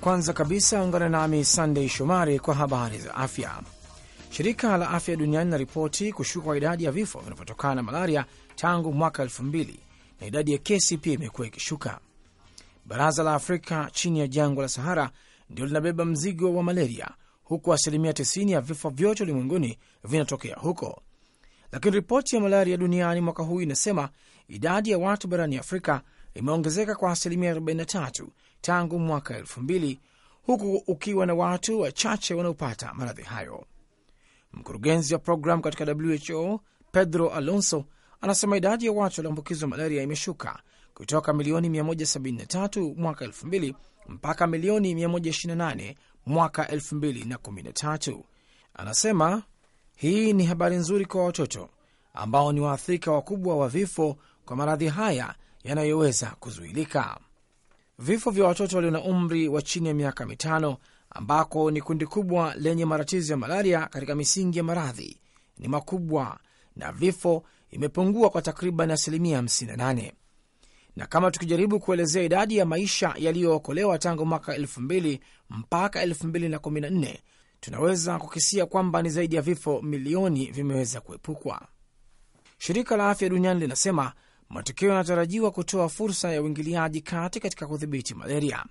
Kwanza kabisa ungana nami Sandey Shomari kwa habari za afya. Shirika la Afya Duniani linaripoti kushuka kwa idadi ya vifo vinavyotokana na malaria tangu mwaka elfu mbili na idadi ya kesi pia imekuwa ikishuka. Baraza la Afrika chini ya jangwa la Sahara ndio linabeba mzigo wa malaria, huku asilimia 90 ya vifo vyote ulimwenguni vinatokea huko. Lakini ripoti ya malaria duniani mwaka huu inasema idadi ya watu barani Afrika imeongezeka kwa asilimia 43 tangu mwaka elfu huku ukiwa na watu wachache wanaopata maradhi hayo. Mkurugenzi wa programu katika WHO Pedro Alonso anasema idadi ya watu walioambukizwa malaria imeshuka kutoka milioni 173 mwaka 2000 mpaka milioni 128 mwaka 2013. Anasema hii ni habari nzuri kwa watoto ambao ni waathirika wakubwa wa vifo kwa maradhi haya yanayoweza kuzuilika. Vifo vya watoto walio na umri wa chini ya miaka mitano, ambako ni kundi kubwa lenye matatizo ya malaria katika misingi ya maradhi, ni makubwa na vifo imepungua kwa takriban asilimia 58 na kama tukijaribu kuelezea idadi ya maisha yaliyookolewa tangu mwaka 2000 mpaka 2014 tunaweza kukisia kwamba ni zaidi ya vifo milioni vimeweza kuepukwa. Shirika la Afya Duniani linasema Matokeo yanatarajiwa kutoa fursa ya uingiliaji kati katika kudhibiti malaria.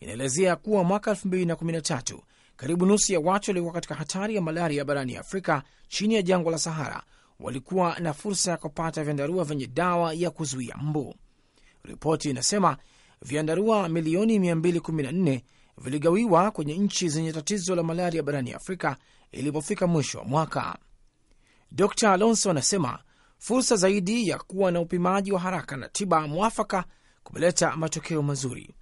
Inaelezea kuwa mwaka 2013 karibu nusu ya watu waliokuwa katika hatari ya malaria barani Afrika chini ya jangwa la Sahara walikuwa na fursa ya kupata vyandarua vyenye dawa ya kuzuia mbu. Ripoti inasema vyandarua milioni 214 viligawiwa kwenye nchi zenye tatizo la malaria barani Afrika ilipofika mwisho wa mwaka. Dr Alonso anasema fursa zaidi ya kuwa na upimaji wa haraka na tiba mwafaka kumeleta matokeo mazuri.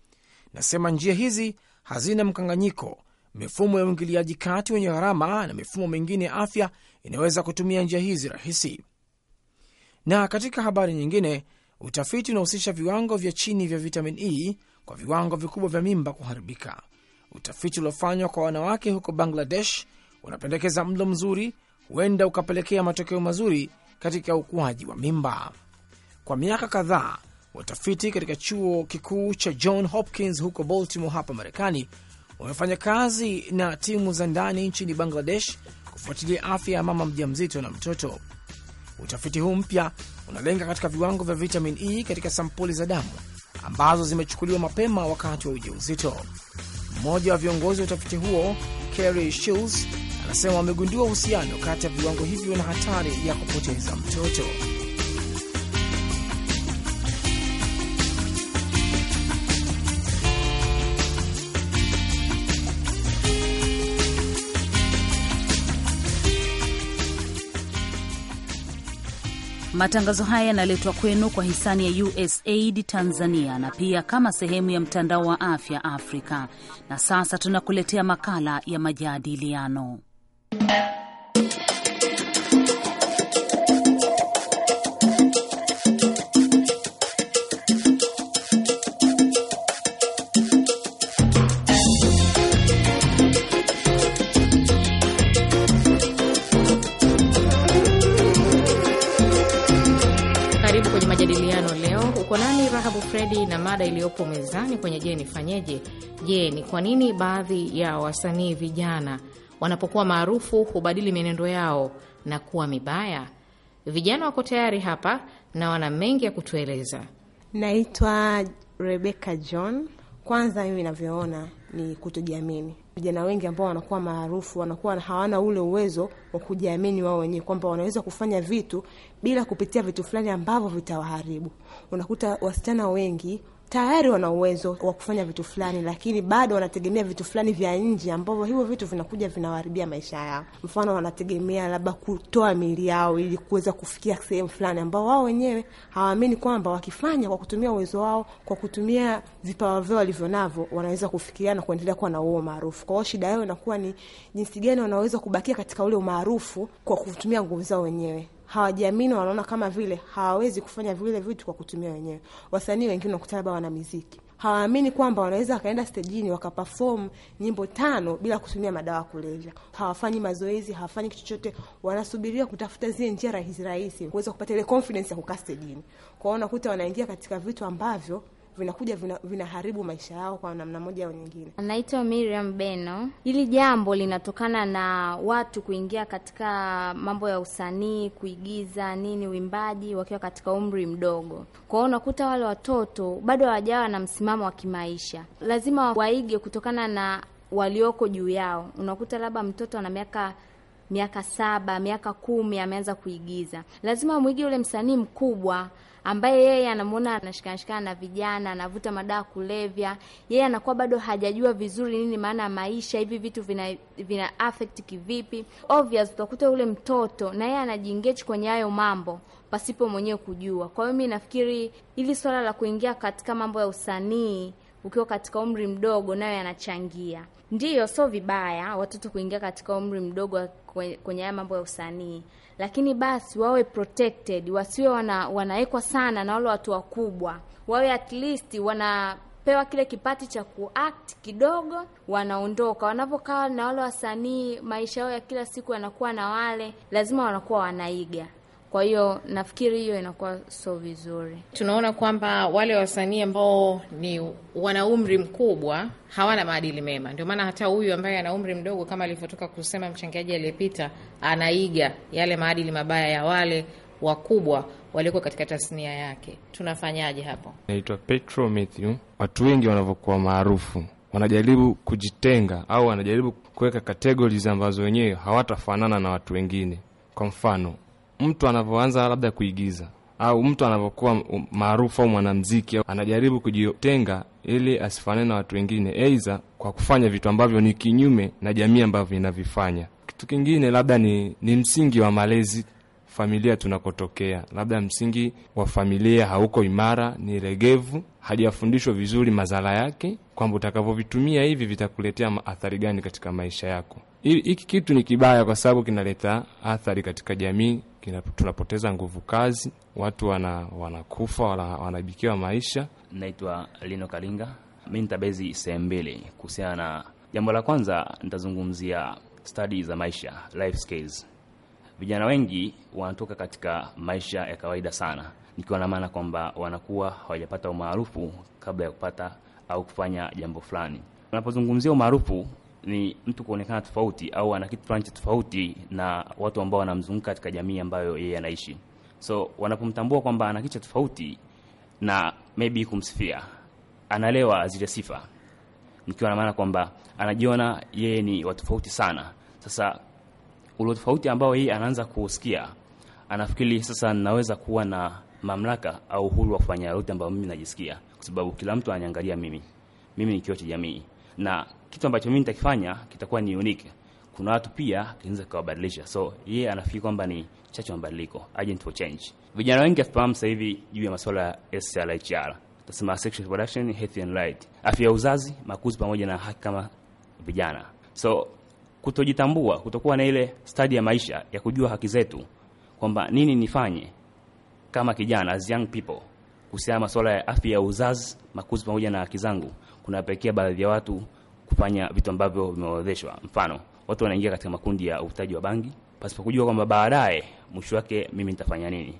Nasema njia hizi hazina mkanganyiko, mifumo ya uingiliaji kati wenye gharama na mifumo mingine ya afya inaweza kutumia njia hizi rahisi. Na katika habari nyingine, utafiti unahusisha viwango vya chini vya vitamin E kwa viwango vikubwa vya mimba kuharibika. Utafiti uliofanywa kwa wanawake huko Bangladesh unapendekeza mlo mzuri huenda ukapelekea matokeo mazuri katika ukuaji wa mimba. Kwa miaka kadhaa, watafiti katika chuo kikuu cha John Hopkins huko Baltimore hapa Marekani wamefanya kazi na timu za ndani nchini Bangladesh kufuatilia afya ya mama mjamzito na mtoto. Utafiti huu mpya unalenga katika viwango vya vitamin E katika sampuli za damu ambazo zimechukuliwa mapema wakati wa ujauzito. Mmoja wa viongozi wa utafiti huo Kerry Shields anasema wamegundua uhusiano kati ya viwango hivyo na hatari ya kupoteza mtoto. Matangazo haya yanaletwa kwenu kwa hisani ya USAID Tanzania na pia kama sehemu ya mtandao wa afya Afrika. Na sasa tunakuletea makala ya majadiliano na mada iliyopo mezani kwenye Je Nifanyeje. Je, ni kwa nini baadhi ya wasanii vijana wanapokuwa maarufu hubadili mienendo yao na kuwa mibaya. Vijana wako tayari hapa na wana mengi ya kutueleza. Naitwa Rebecca John. Kwanza mimi navyoona ni kutojiamini. Vijana wengi ambao wanakuwa maarufu wanakuwa hawana ule uwezo wa kujiamini wao wenyewe kwamba wanaweza kufanya vitu bila kupitia vitu fulani ambavyo vitawaharibu. Unakuta wasichana wengi tayari wana uwezo wa kufanya vitu fulani, lakini bado wanategemea vitu fulani vya nje, ambavyo hivyo vitu vinakuja vinawaharibia maisha yao. Mfano, wanategemea labda kutoa miili yao ili kuweza kufikia sehemu fulani, ambao wao wenyewe hawaamini kwamba wakifanya kwa kutumia uwezo wao, kwa kutumia vipawa vyao walivyo navyo, wanaweza kufikiria na kuendelea kuwa na huo umaarufu. Kwa hiyo shida yao inakuwa ni jinsi gani wanaweza kubakia katika ule umaarufu kwa kutumia nguvu zao wenyewe hawajiamini, wanaona kama vile hawawezi kufanya vile vitu kwa kutumia wenyewe. Wasanii wengine wakuta labda wana miziki hawaamini kwamba wanaweza wakaenda stejini wakapafomu nyimbo tano bila kutumia madawa kulevya. Hawafanyi mazoezi, hawafanyi kitu chochote, wanasubiria kutafuta zile njia rahisi rahisi kuweza kupata ile confidence ya kukaa stejini kwao. Unakuta wanaingia katika vitu ambavyo vinakuja vinaharibu vina maisha yao kwa namna moja au nyingine. anaitwa Miriam Beno. Hili jambo linatokana na watu kuingia katika mambo ya usanii, kuigiza nini, uimbaji wakiwa katika umri mdogo. Kwa hiyo unakuta wale watoto bado hawajawa na msimamo wa kimaisha, lazima waige kutokana na walioko juu yao. Unakuta labda mtoto ana miaka miaka saba, miaka kumi, ameanza kuigiza, lazima mwige ule msanii mkubwa ambaye yeye anamwona anashikanashikana na vijana, anavuta madawa kulevya, yeye anakuwa bado hajajua vizuri nini maana ya maisha, hivi vitu vina, vina affect kivipi. Obvious utakuta ule mtoto na yeye anajiengage kwenye hayo mambo pasipo mwenyewe kujua. Kwa hiyo mi nafikiri hili swala la kuingia katika mambo ya usanii ukiwa katika umri mdogo nayo yanachangia. Ndiyo, sio vibaya watoto kuingia katika umri mdogo kwenye haya mambo ya usanii, lakini basi wawe protected, wasiwe wana, wanawekwa sana na wale watu wakubwa, wawe at least wana pewa kile kipati cha kuact kidogo, wanaondoka. Wanapokaa na wale wasanii, maisha yao ya kila siku yanakuwa na wale, lazima wanakuwa wanaiga. Kwa hiyo nafikiri hiyo inakuwa so vizuri. Tunaona kwamba wale wasanii ambao ni wana umri mkubwa hawana maadili mema, ndio maana hata huyu ambaye ana umri mdogo kama alivyotoka kusema mchangiaji aliyepita, anaiga yale maadili mabaya ya wale wakubwa walioko katika tasnia yake. Tunafanyaje hapo? Naitwa Petro Mathew. Watu wengi wanavyokuwa maarufu wanajaribu kujitenga au wanajaribu kuweka kategori ambazo wenyewe hawatafanana na watu wengine. Kwa mfano mtu anavyoanza labda kuigiza au mtu anavyokuwa maarufu au mwanamziki, anajaribu kujitenga ili asifanane na watu wengine, aidha kwa kufanya vitu ambavyo ni kinyume na jamii ambavyo inavifanya. Kitu kingine labda ni, ni msingi wa malezi familia tunakotokea, labda msingi wa familia hauko imara, ni legevu, hajafundishwa vizuri madhara yake, kwamba utakavyovitumia hivi vitakuletea athari gani katika maisha yako. Hiki kitu ni kibaya, kwa sababu kinaleta athari katika jamii. Tunapoteza nguvu kazi, watu wana, wanakufa, wanaibikiwa maisha. Naitwa Lino Kalinga, mi nitabezi sehemu mbili kuhusiana na jambo la kwanza. Nitazungumzia stadi za maisha, life skills vijana wengi wanatoka katika maisha ya kawaida sana, nikiwa na maana kwamba wanakuwa hawajapata umaarufu kabla ya kupata au kufanya jambo fulani. Unapozungumzia umaarufu ni mtu kuonekana tofauti au ana kitu fulani cha tofauti na watu ambao wanamzunguka katika jamii ambayo yeye anaishi. So wanapomtambua kwamba ana kitu cha tofauti na maybe kumsifia, analewa zile sifa, nikiwa na maana kwamba anajiona yeye ni wa tofauti sana. Sasa ule tofauti ambao yeye anaanza kuusikia, anafikiri sasa naweza kuwa na mamlaka au uhuru wa kufanya yote ambayo mimi najisikia, kwa sababu kila mtu ananiangalia mimi. Mimi ni kioo cha jamii, na kitu ambacho mimi nitakifanya kitakuwa ni unique. Kuna watu pia kinaweza kuwabadilisha, so yeye anafikiri kwamba ni chachu mabadiliko, agent for change. Vijana wengi afahamu sasa hivi juu ya masuala ya SRHR, tunasema sexual reproduction, health and right, afya ya uzazi, makuzi pamoja na haki kama vijana so kutojitambua, kutokuwa na ile stadi ya maisha ya kujua haki zetu, kwamba nini nifanye kama kijana, as young people, kuhusiana masuala ya afya ya uzazi, makuzi pamoja na haki zangu, kunapelekea baadhi ya watu kufanya vitu ambavyo vimeorodheshwa. Mfano, watu wanaingia katika makundi ya uvutaji wa bangi pasipo kujua kwamba baadaye mwisho wake mimi nitafanya nini.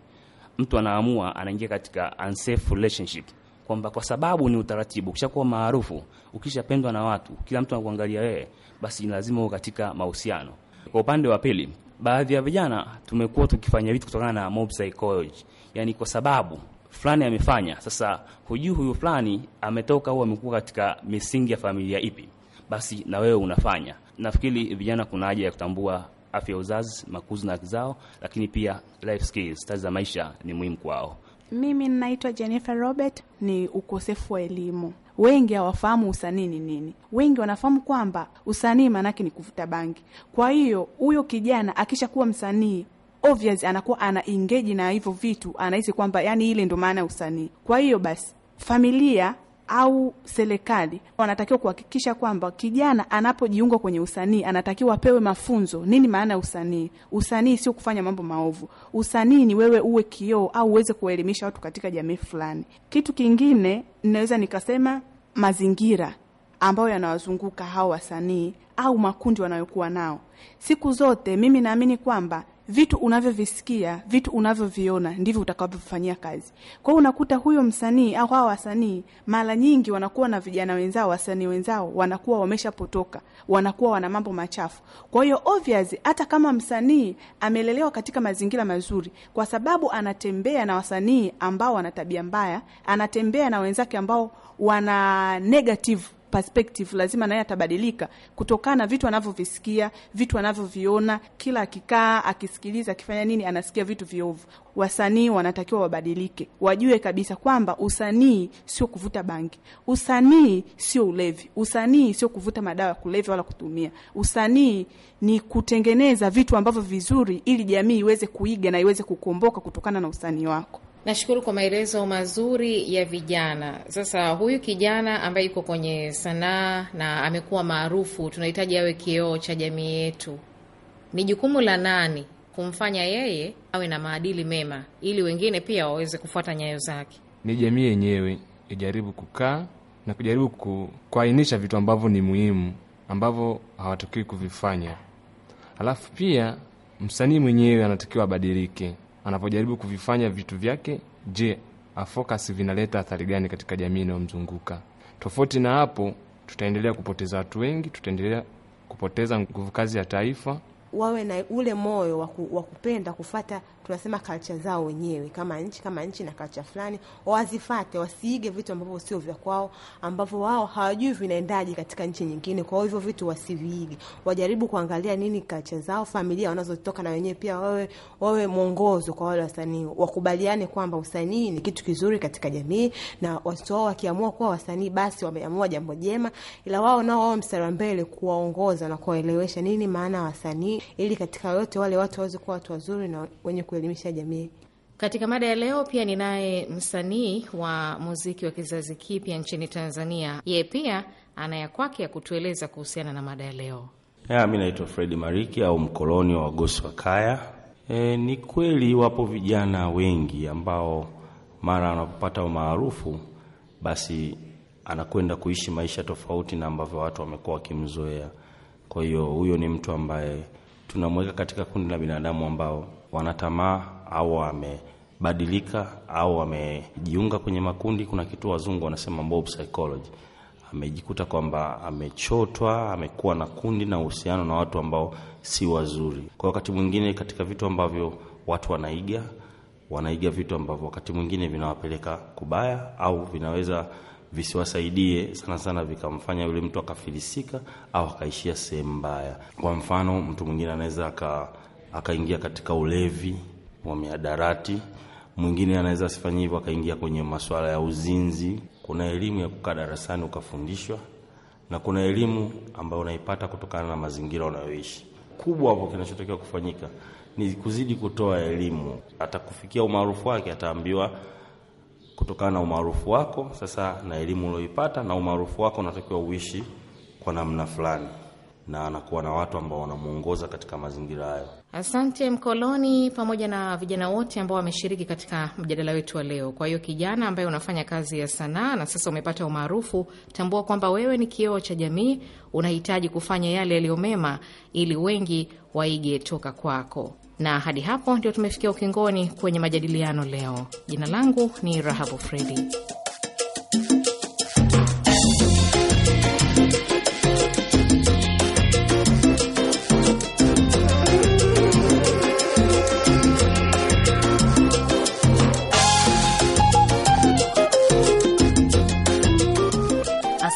Mtu anaamua anaingia katika unsafe relationship kwamba kwa sababu ni utaratibu, ukishakuwa maarufu, ukishapendwa na watu, kila mtu anakuangalia wewe, basi lazima uwe katika mahusiano. Kwa upande wa pili, baadhi ya vijana tumekuwa tukifanya vitu kutokana na mob psychology, yani kwa sababu fulani amefanya. Sasa hujui huyu fulani ametoka au amekuwa katika misingi ya familia ipi, basi na wewe unafanya. Nafikiri vijana kuna haja ya kutambua afya ya uzazi, makuzi na haki zao, lakini pia life skills, stadi za maisha ni muhimu kwao. Mimi ninaitwa Jennifer Robert. Ni ukosefu wa elimu. Wengi hawafahamu usanii ni nini. Wengi wanafahamu kwamba usanii maanake ni kuvuta bangi. Kwa hiyo huyo kijana akishakuwa msanii obvious, anakuwa ana engage na hivyo vitu, anahisi kwamba yani ile ndo maana ya usanii. Kwa hiyo basi familia au serikali wanatakiwa kuhakikisha kwamba kijana anapojiunga kwenye usanii anatakiwa apewe mafunzo. Nini maana ya usanii? Usanii sio kufanya mambo maovu. Usanii ni wewe uwe kioo au uweze kuwaelimisha watu katika jamii fulani. Kitu kingine ninaweza nikasema mazingira ambayo yanawazunguka hao wasanii au makundi wanayokuwa nao. Siku zote mimi naamini kwamba vitu unavyovisikia, vitu unavyoviona ndivyo utakavyofanyia kazi. Kwa hiyo unakuta huyo msanii au hawa wasanii mara nyingi wanakuwa na vijana wenzao, wasanii wenzao wanakuwa wameshapotoka, wanakuwa wana mambo machafu. Kwa hiyo obvious, hata kama msanii amelelewa katika mazingira mazuri, kwa sababu anatembea na wasanii ambao wana tabia mbaya, anatembea na wenzake ambao wana negative perspective lazima naye atabadilika kutokana na vitu anavyovisikia, vitu anavyoviona. Kila akikaa akisikiliza, akifanya nini, anasikia vitu viovu. Wasanii wanatakiwa wabadilike, wajue kabisa kwamba usanii sio kuvuta bangi, usanii sio ulevi, usanii sio kuvuta madawa ya kulevya wala kutumia. Usanii ni kutengeneza vitu ambavyo vizuri, ili jamii iweze kuiga na iweze kukomboka kutokana na usanii wako. Nashukuru kwa maelezo mazuri ya vijana. Sasa huyu kijana ambaye yuko kwenye sanaa na amekuwa maarufu, tunahitaji awe kioo cha jamii yetu. Ni jukumu la nani kumfanya yeye awe na maadili mema ili wengine pia waweze kufuata nyayo zake? Ni jamii yenyewe ijaribu kukaa na kujaribu kuainisha vitu ambavyo ni muhimu ambavyo hawatakiwi kuvifanya, alafu pia msanii mwenyewe anatakiwa abadilike anapojaribu kuvifanya vitu vyake, je, afocus vinaleta athari gani katika jamii inayomzunguka? Tofauti na hapo, tutaendelea kupoteza watu wengi, tutaendelea kupoteza nguvu kazi ya taifa. Wawe na ule moyo wa kupenda kufata tunasema culture zao wenyewe kama nchi, kama nchi na culture fulani wazifate, wasiige vitu ambavyo sio vya kwao, ambavyo wao hawajui vinaendaje katika nchi nyingine. Kwa hivyo vitu wasiviige, wajaribu kuangalia nini culture zao, familia wanazotoka na wenyewe pia wawe, wawe mwongozo kwa wale wasanii, wakubaliane kwamba usanii ni kitu kizuri katika jamii, na watoto wao wakiamua kuwa wasanii basi wameamua jambo jema, ila wao nao wao mstari wa mbele kuwaongoza na kuwaelewesha nini maana wasanii, ili katika yote wale watu waweze kuwa watu wazuri na wenye ku kuelimisha jamii. Katika mada ya leo pia ninaye msanii wa muziki wa kizazi kipya nchini Tanzania. Yeye pia ana ya kwake ya kutueleza kuhusiana na mada ya leo. Mi naitwa Fredi Mariki au mkoloni wa Wagosi wa Kaya. E, ni kweli wapo vijana wengi ambao mara anapopata umaarufu basi anakwenda kuishi maisha tofauti na ambavyo watu wamekuwa wakimzoea. Kwa hiyo huyo ni mtu ambaye tunamweka katika kundi la binadamu ambao wanatamaa au wamebadilika au wamejiunga kwenye makundi. Kuna kitu wazungu wanasema mob psychology. Amejikuta kwamba amechotwa, amekuwa na kundi na uhusiano na watu ambao si wazuri. Kwa wakati mwingine, katika vitu ambavyo watu wanaiga, wanaiga vitu ambavyo wakati mwingine vinawapeleka kubaya au vinaweza visiwasaidie sana sana, vikamfanya yule mtu akafilisika au akaishia sehemu mbaya. Kwa mfano, mtu mwingine anaweza aka akaingia katika ulevi wa miadarati. Mwingine anaweza asifanye hivyo, akaingia kwenye masuala ya uzinzi. Kuna elimu ya kukaa darasani ukafundishwa, na kuna elimu ambayo unaipata kutokana na mazingira unayoishi. Kubwa hapo, kinachotakiwa kufanyika ni kuzidi kutoa elimu. Atakufikia umaarufu wake, ataambiwa kutokana na umaarufu wako sasa na elimu ulioipata na umaarufu wako, unatakiwa uishi kwa namna fulani, na anakuwa na watu ambao wanamuongoza katika mazingira hayo. Asante mkoloni, pamoja na vijana wote ambao wameshiriki katika mjadala wetu wa leo. Kwa hiyo kijana ambaye unafanya kazi ya sanaa na sasa umepata umaarufu, tambua kwamba wewe ni kioo cha jamii. Unahitaji kufanya yale yaliyo mema ili wengi waige toka kwako. Na hadi hapo ndio tumefikia ukingoni kwenye majadiliano leo. Jina langu ni Rahabu Fredi.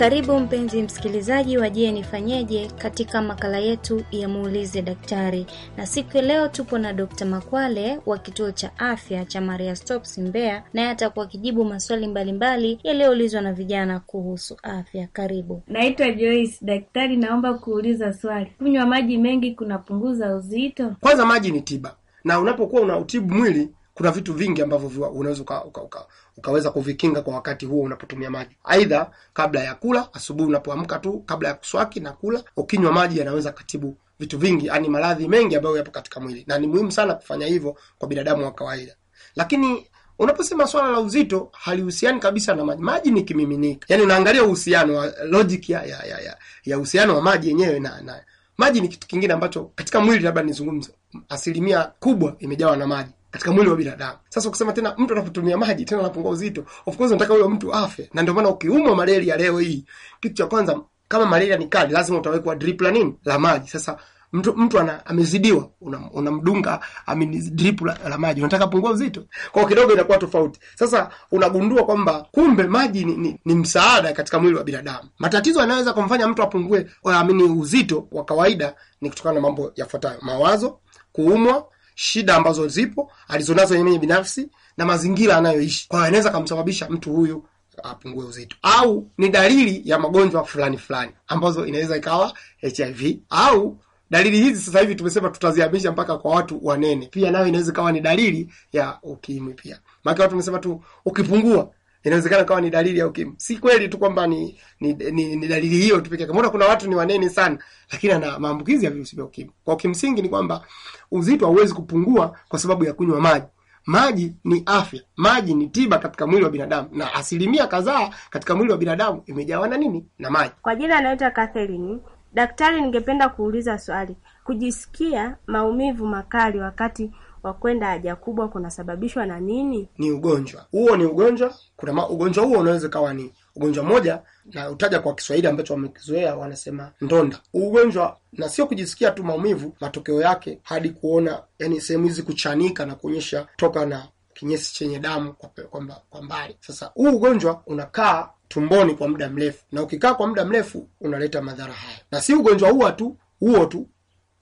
Karibu mpenzi msikilizaji wa Je nifanyeje katika makala yetu ya muulize daktari, na siku ya leo tupo na Dr. Makwale wa kituo cha afya cha Maria Stopes Mbeya, naye atakuwa akijibu maswali mbalimbali yaliyoulizwa na vijana kuhusu afya. Karibu. Naitwa Joyce. Daktari, naomba kuuliza swali, kunywa maji mengi kunapunguza uzito? Kwanza maji ni tiba, na unapokuwa unautibu mwili kuna vitu vingi ambavyo unaweza uka, uka, uka, ukaweza kuvikinga kwa wakati huo unapotumia maji. Aidha, kabla ya kula asubuhi, unapoamka tu, kabla ya kuswaki na kula, ukinywa maji yanaweza katibu vitu vingi, yani maradhi mengi ambayo yapo katika mwili, na ni muhimu sana kufanya hivyo kwa binadamu wa kawaida. Lakini unaposema swala la uzito halihusiani kabisa na maji. Maji ni kimiminika, yaani unaangalia uhusiano wa logic ya ya ya ya ya uhusiano wa maji yenyewe na, na maji ni kitu kingine ambacho katika mwili labda nizungumze, asilimia kubwa imejawa na maji katika mwili wa binadamu. Sasa ukisema tena mtu anapotumia maji tena anapungua uzito, of course unataka huyo mtu afe, na ndio maana ukiumwa malaria leo hii, kitu cha kwanza kama malaria ni kali, lazima utawekwa drip la nini la maji. Sasa mtu mtu ana amezidiwa, unamdunga una amini drip la, la maji, unataka pungua uzito kwao kidogo, inakuwa tofauti. Sasa unagundua kwamba kumbe maji ni, ni, ni msaada katika mwili wa binadamu. Matatizo yanayoweza kumfanya mtu apungue amini uzito wa kawaida ni kutokana na mambo yafuatayo: mawazo, kuumwa shida ambazo zipo alizonazo yeye binafsi na mazingira anayoishi. Kwa anaweza kumsababisha mtu huyu apungue uzito, au ni dalili ya magonjwa fulani fulani ambazo inaweza ikawa HIV au dalili hizi sasa hivi tumesema tutazihamisha mpaka kwa watu wanene, pia nayo inaweza ikawa ni dalili ya ukimwi pia, maana watu tumesema tu ukipungua inawezekana kawa ni dalili ya ukimwi. Si kweli tu kwamba ni, ni, ni, ni dalili hiyo tu pekee. kuna watu ni wanene sana lakini ana maambukizi ya virusi vya ukimwi. Kwa kimsingi ni kwamba uzito hauwezi kupungua kwa sababu ya kunywa maji. Maji ni afya, maji ni tiba katika mwili wa binadamu, na asilimia kadhaa katika mwili wa binadamu imejawa na nini? Na maji. Kwa jina anaitwa Catherine. Daktari, ningependa kuuliza swali, kujisikia maumivu makali wakati wa kwenda haja kubwa kunasababishwa na nini? Ni ugonjwa huo, ni ugonjwa. Kuna ma ugonjwa huo unaweza kawa ni ugonjwa moja na utaja kwa Kiswahili ambacho wamekizoea wanasema ndonda. Ugonjwa na sio kujisikia tu maumivu, matokeo yake hadi kuona, yani sehemu hizi kuchanika na kuonyesha toka na kinyesi chenye damu kwa mbali. Sasa huu ugonjwa unakaa tumboni kwa muda mrefu, na ukikaa kwa muda mrefu unaleta madhara haya, na si ugonjwa huo tu huo tu,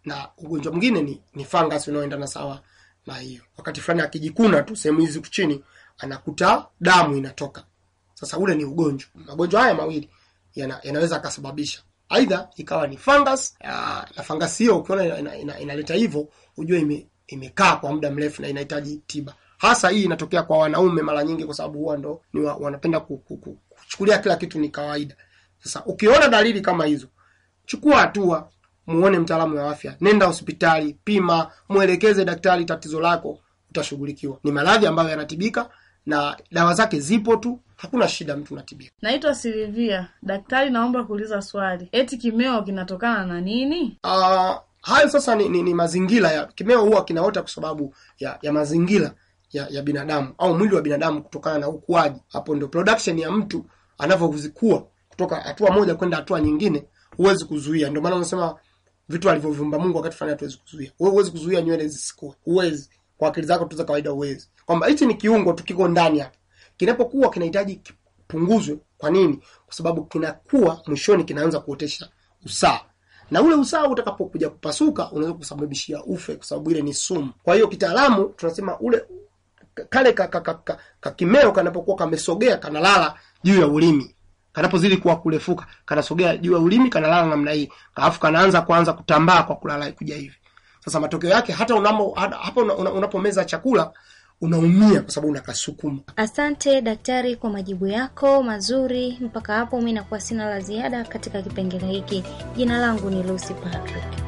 na ugonjwa mwingine ni, ni fangasi unaoendana sawa na hiyo wakati fulani akijikuna tu sehemu hizi chini anakuta damu inatoka. Sasa ule ni ugonjwa. Magonjwa haya mawili yana, yanaweza akasababisha aidha ikawa ni fungus aa, na fungus hiyo ukiona inaleta ina, ina, ina hivyo ujue ime, imekaa kwa muda mrefu na inahitaji tiba. Hasa hii inatokea kwa wanaume mara nyingi, kwa sababu huwa ndo ni wa, wanapenda kuchukulia kila kitu ni kawaida. Sasa ukiona dalili kama hizo, chukua hatua muone mtaalamu wa afya, nenda hospitali, pima, mwelekeze daktari tatizo lako, utashughulikiwa. Ni maradhi ambayo yanatibika na dawa zake zipo tu, hakuna shida, mtu natibia. Naitwa Silivia. Daktari, naomba kuuliza swali, eti kimeo kinatokana na nini? Uh, hayo sasa ni, ni, ni mazingira ya kimeo. Huwa kinaota kwa sababu ya, ya mazingira ya, ya binadamu au mwili wa binadamu kutokana na ukuaji. Hapo ndio production ya mtu anavyozikua kutoka hatua moja kwenda hatua nyingine, huwezi kuzuia. Ndio maana unasema vitu alivyoviumba Mungu wakati fulani hatuwezi kuzuia. Wewe huwezi kuzuia nywele zisikue. Huwezi. Kwa akili zako tu za kawaida huwezi. Kwamba hichi ni kiungo tu kiko ndani hapa. Kinapokuwa kinahitaji kipunguzwe. Kwa nini? Kwa sababu kinakuwa mwishoni kinaanza kuotesha usaa. Na ule usaa utakapokuja kupasuka unaweza kusababishia ufe kwa sababu ile ni sumu. Kwa hiyo kitaalamu tunasema ule kale kakimeo ka, ka, ka, ka kanapokuwa kamesogea kanalala juu ya ulimi Kanapozidi kuwa kurefuka, kanasogea juu ya ulimi, kanalala namna hii, alafu kanaanza kuanza kutambaa kwa kulala kuja hivi. Sasa matokeo yake hata unamo, hapo unapomeza chakula unaumia kwa sababu unakasukuma. Asante daktari kwa majibu yako mazuri. Mpaka hapo mi nakuwa sina la ziada katika kipengele hiki. Jina langu ni lusi Patrick.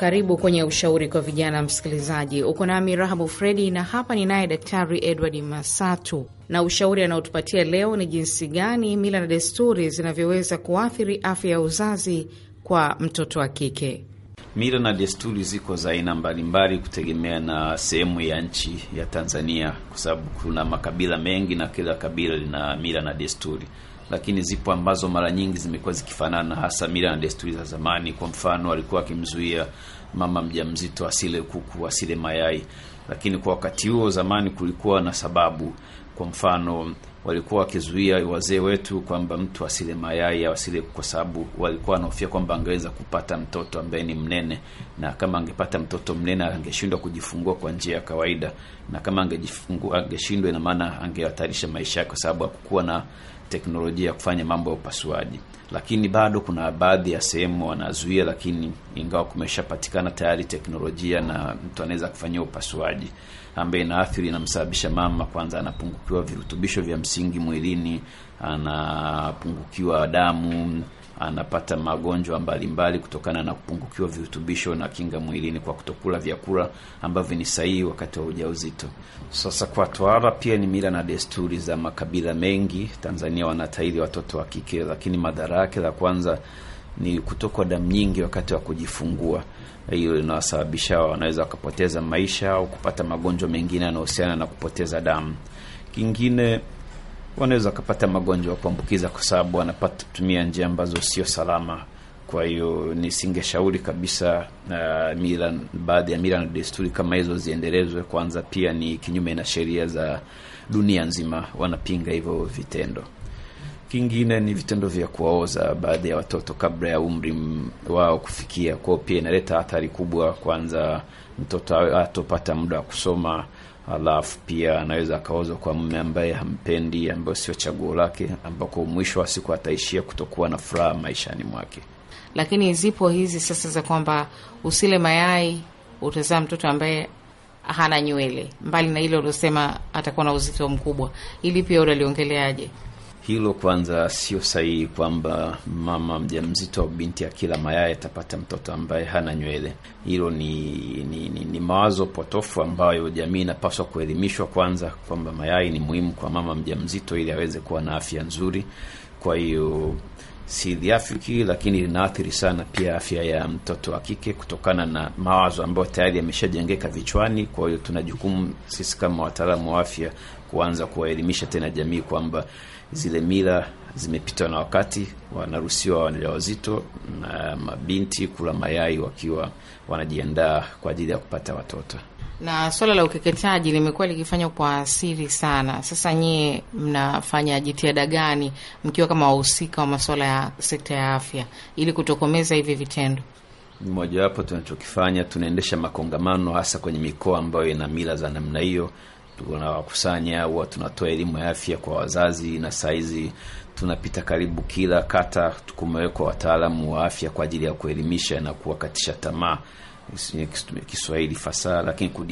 Karibu kwenye ushauri kwa vijana, msikilizaji. Uko nami Rahabu Fredi na hapa ninaye Daktari Edward Masatu, na ushauri anaotupatia leo ni jinsi gani mila na desturi zinavyoweza kuathiri afya ya uzazi kwa mtoto wa kike. Mila na desturi ziko za aina mbalimbali kutegemea na sehemu ya nchi ya Tanzania, kwa sababu kuna makabila mengi na kila kabila lina mila na desturi lakini zipo ambazo mara nyingi zimekuwa zikifanana, hasa mila na desturi za zamani. Kwa mfano, alikuwa akimzuia mama mjamzito asile kuku, asile mayai, lakini kwa wakati huo zamani kulikuwa na sababu. Kwa mfano, walikuwa wakizuia wazee wetu kwamba mtu asile mayai au asile, kwa sababu walikuwa wanahofia kwamba angeweza kupata mtoto ambaye ni mnene, na kama angepata mtoto mnene angeshindwa kujifungua kwa njia ya kawaida, na kama angejifungua angeshindwa, ina maana angehatarisha maisha yake kwa sababu hakukuwa na teknolojia ya kufanya mambo ya upasuaji, lakini bado kuna baadhi ya sehemu wanazuia, lakini ingawa kumeshapatikana tayari teknolojia na mtu anaweza kufanyia upasuaji ambaye inaathiri, inamsababisha mama kwanza, anapungukiwa virutubisho vya msingi mwilini, anapungukiwa damu anapata magonjwa mbalimbali kutokana na kupungukiwa virutubisho na kinga mwilini kwa kutokula vyakula ambavyo ni sahihi wakati wa ujauzito. Sasa kwa tohara pia ni mila na desturi za makabila mengi. Tanzania wanatahiri watoto wa kike, lakini madhara yake la kwanza ni kutokwa damu nyingi wakati wa kujifungua. Hiyo inawasababisha wanaweza wakapoteza maisha au kupata magonjwa mengine yanayohusiana na kupoteza damu. Kingine wanaweza wakapata magonjwa wa kuambukiza kwa sababu wanapata kutumia njia ambazo sio salama. Kwa hiyo nisingeshauri kabisa uh, mila, baadhi ya mila na desturi kama hizo ziendelezwe. Kwanza pia ni kinyume na sheria za dunia nzima, wanapinga hivyo vitendo. Kingine ni vitendo vya kuwaoza baadhi ya watoto kabla ya umri wao kufikia kwao, pia inaleta athari kubwa. Kwanza mtoto atopata muda wa kusoma alafu pia anaweza akaozwa kwa mume ambaye hampendi, ambayo sio chaguo lake, ambako mwisho wa siku ataishia kutokuwa na furaha maishani mwake. Lakini zipo hizi sasa za kwamba usile mayai utazaa mtoto ambaye hana nywele, mbali na ile uliosema atakuwa na uzito mkubwa, ili pia ule aliongeleaje? hilo kwanza sio sahihi kwamba mama mzito au binti akila mayai atapata mtoto ambaye hana nywele. Hilo ni, ni, ni, ni mawazo potofu ambayo jamii inapaswa kuelimishwa kwanza, kwamba mayai ni muhimu kwa mama mjamzito ili aweze kuwa na afya nzuri. Kwa hiyo si dhiafiki lakini linaathiri sana pia afya ya mtoto wa kike kutokana na mawazo ambayo tayari yameshajengeka vichwani. Kwa hiyo tuna jukumu sisi kama wataalamu wa afya kuanza kuwaelimisha tena jamii kwamba zile mila zimepitwa na wakati, wanaruhusiwa wajawazito na mabinti kula mayai wakiwa wanajiandaa kwa ajili ya kupata watoto. Na swala la ukeketaji limekuwa likifanywa kwa siri sana. Sasa nyie mnafanya jitihada gani mkiwa kama wahusika wa masuala ya sekta ya afya ili kutokomeza hivi vitendo? Mojawapo tunachokifanya, tunaendesha makongamano hasa kwenye mikoa ambayo ina mila za namna hiyo tunawakusanya huwa tunatoa elimu ya afya kwa wazazi, na saizi tunapita karibu kila kata, kumewekwa wataalamu wa afya kwa ajili ya kuelimisha na kuwakatisha tamaa Kiswahili fasaha, lakini ku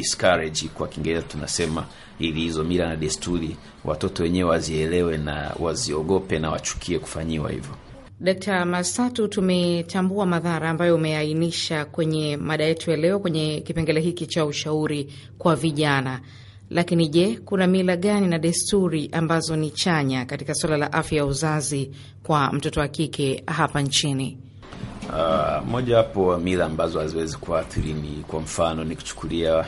kwa Kiingereza tunasema, ili hizo mila na desturi watoto wenyewe wazielewe na waziogope na wachukie kufanyiwa hivyo. Dkt. Masatu, tumetambua madhara ambayo umeainisha kwenye mada yetu ya leo kwenye kipengele hiki cha ushauri kwa vijana. Lakini je, kuna mila gani na desturi ambazo ni chanya katika suala la afya ya uzazi kwa mtoto wa kike hapa nchini? Uh, ah, moja wapo wa mila ambazo haziwezi kuathiri ni kwa mfano ni kuchukulia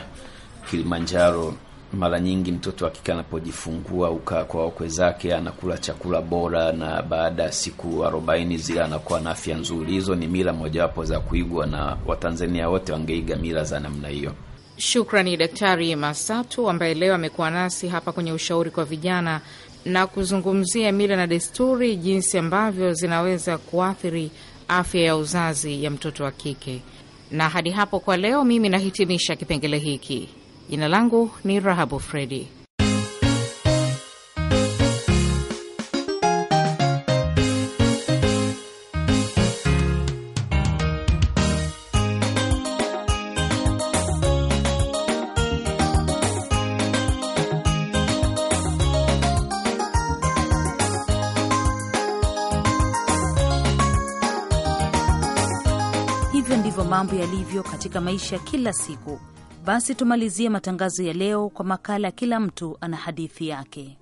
Kilimanjaro, mara nyingi mtoto wa kike anapojifungua ukaa kwa wakwe zake anakula chakula bora, na baada ya siku arobaini zile anakuwa na afya nzuri. Hizo ni mila mojawapo za kuigwa, na Watanzania wote wangeiga mila za namna hiyo. Shukrani Daktari Masatu ambaye leo amekuwa nasi hapa kwenye ushauri kwa vijana na kuzungumzia mila na desturi, jinsi ambavyo zinaweza kuathiri afya ya uzazi ya mtoto wa kike. Na hadi hapo kwa leo, mimi nahitimisha kipengele hiki. Jina langu ni Rahabu Fredi. mambo yalivyo katika maisha kila siku. Basi tumalizie matangazo ya leo kwa makala, kila mtu ana hadithi yake.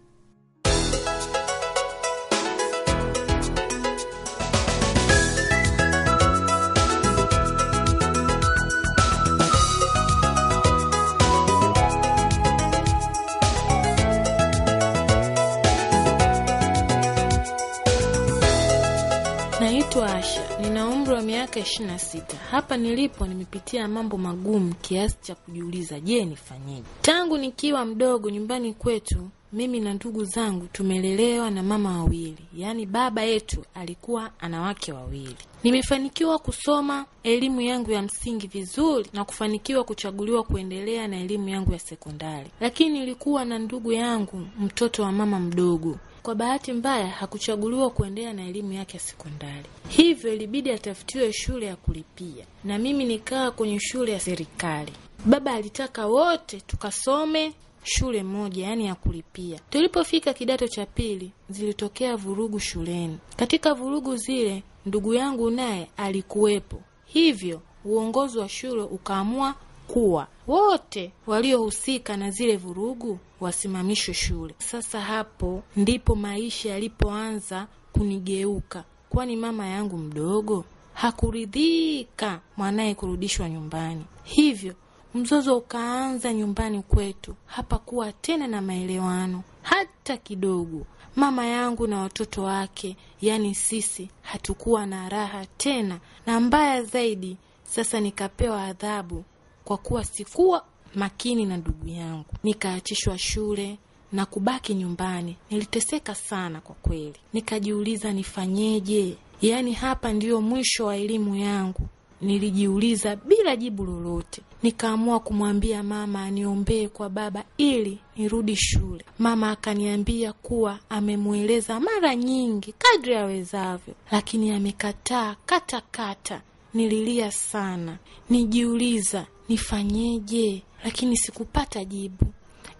miaka ishirini na sita hapa nilipo nimepitia mambo magumu kiasi cha kujiuliza, je, nifanyeje? Tangu nikiwa mdogo nyumbani kwetu mimi na ndugu zangu tumelelewa na mama wawili, yaani baba yetu alikuwa ana wake wawili. Nimefanikiwa kusoma elimu yangu ya msingi vizuri na kufanikiwa kuchaguliwa kuendelea na elimu yangu ya sekondari, lakini nilikuwa na ndugu yangu mtoto wa mama mdogo kwa bahati mbaya hakuchaguliwa kuendelea na elimu yake ya sekondari, hivyo ilibidi atafutiwe shule ya kulipia, na mimi nikaa kwenye shule ya serikali. Baba alitaka wote tukasome shule moja, yaani ya kulipia. Tulipofika kidato cha pili, zilitokea vurugu shuleni. Katika vurugu zile, ndugu yangu naye alikuwepo, hivyo uongozi wa shule ukaamua kuwa wote waliohusika na zile vurugu wasimamishwe shule. Sasa hapo ndipo maisha yalipoanza kunigeuka, kwani mama yangu mdogo hakuridhika mwanaye kurudishwa nyumbani, hivyo mzozo ukaanza nyumbani kwetu. Hapakuwa tena na maelewano hata kidogo. Mama yangu na watoto wake, yaani sisi, hatukuwa na raha tena, na mbaya zaidi, sasa nikapewa adhabu kwa kuwa sikuwa makini na ndugu yangu, nikaachishwa shule na kubaki nyumbani. Niliteseka sana kwa kweli, nikajiuliza nifanyeje? Yaani hapa ndiyo mwisho wa elimu yangu, nilijiuliza bila jibu lolote. Nikaamua kumwambia mama aniombee kwa baba ili nirudi shule. Mama akaniambia kuwa amemweleza mara nyingi kadri awezavyo, lakini amekataa kata katakata. Nililia sana, nijiuliza nifanyeje? Lakini sikupata jibu.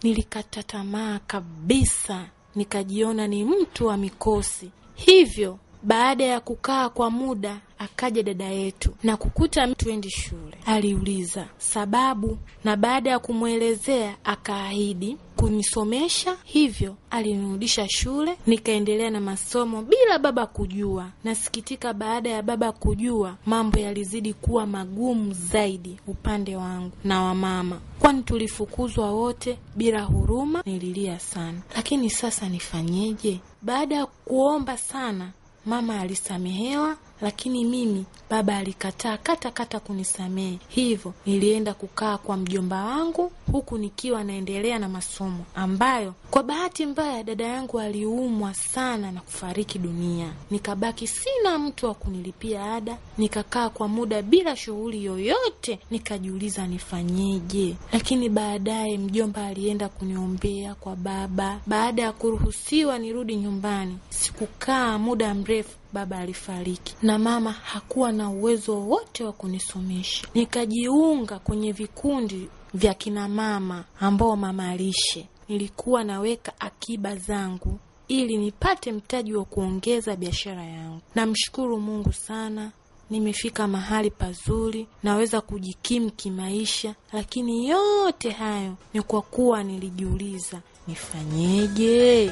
Nilikata tamaa kabisa, nikajiona ni mtu wa mikosi. Hivyo baada ya kukaa kwa muda, akaja dada yetu na kukuta mtu endi shule. Aliuliza sababu, na baada ya kumwelezea akaahidi kunisomesha, hivyo alinirudisha shule nikaendelea na masomo bila baba kujua. Nasikitika, baada ya baba kujua, mambo yalizidi kuwa magumu zaidi upande wangu na wa mama, kwani tulifukuzwa wote bila huruma. Nililia sana, lakini sasa nifanyeje? Baada ya kuomba sana, mama alisamehewa lakini mimi baba alikataa kata kata kunisamehe. Hivyo nilienda kukaa kwa mjomba wangu, huku nikiwa naendelea na masomo ambayo kwa bahati mbaya dada yangu aliumwa sana na kufariki dunia. Nikabaki sina mtu wa kunilipia ada, nikakaa kwa muda bila shughuli yoyote, nikajiuliza nifanyeje. Lakini baadaye mjomba alienda kuniombea kwa baba. Baada ya kuruhusiwa nirudi nyumbani, sikukaa muda mrefu baba alifariki na mama hakuwa na uwezo wowote wa kunisomesha. Nikajiunga kwenye vikundi vya kinamama ambao mama alishe. Nilikuwa naweka akiba zangu ili nipate mtaji wa kuongeza biashara yangu. Namshukuru Mungu sana, nimefika mahali pazuri, naweza kujikimu kimaisha, lakini yote hayo ni kwa kuwa nilijiuliza nifanyeje.